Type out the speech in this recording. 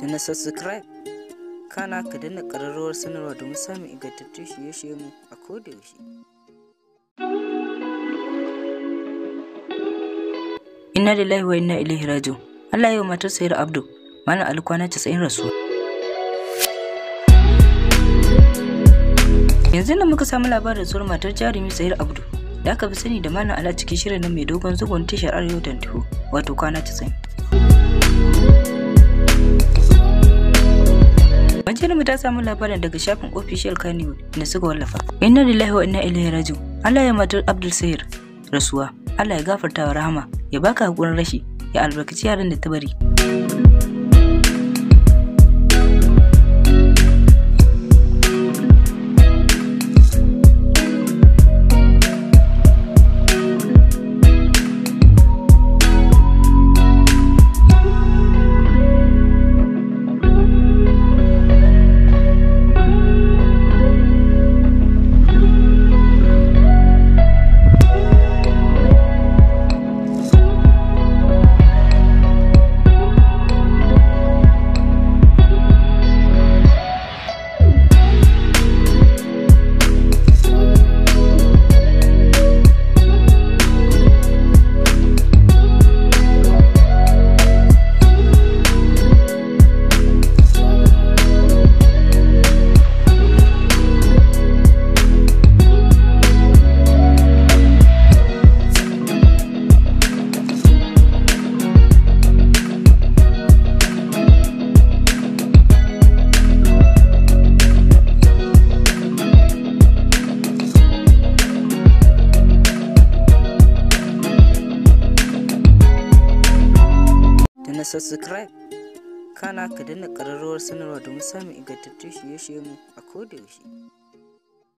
da na subscribe kana ka dana kararrawar sanarwa domin samun ingantattun shirye-shirye mu a kodayaushe inna da wa inna ilaihi rajo, Allah ya matar sayar abdu malam alkwana 90 rasuwa yanzu da muka samu labarin tsoron matar jarumi sayar abdu da aka fi sani da malam ala cikin shirin na mai dogon zugon tashar arewa tantihu wato kwana 90 Bancin mu ta samu labarin daga shafin official Kannywood da suka wallafa. Inna lillahi wa inna ilaihi raji'un. Allah ya matar Abdul Sayyid rasuwa. Allah ya gafarta wa rahama, ya baka hakurin rashi, ya albarkaci yaran da ta bari. na subscribe kana ka dana kararrawar sanarwa domin samun ingantattun shirye-shirye mu a kodayaushe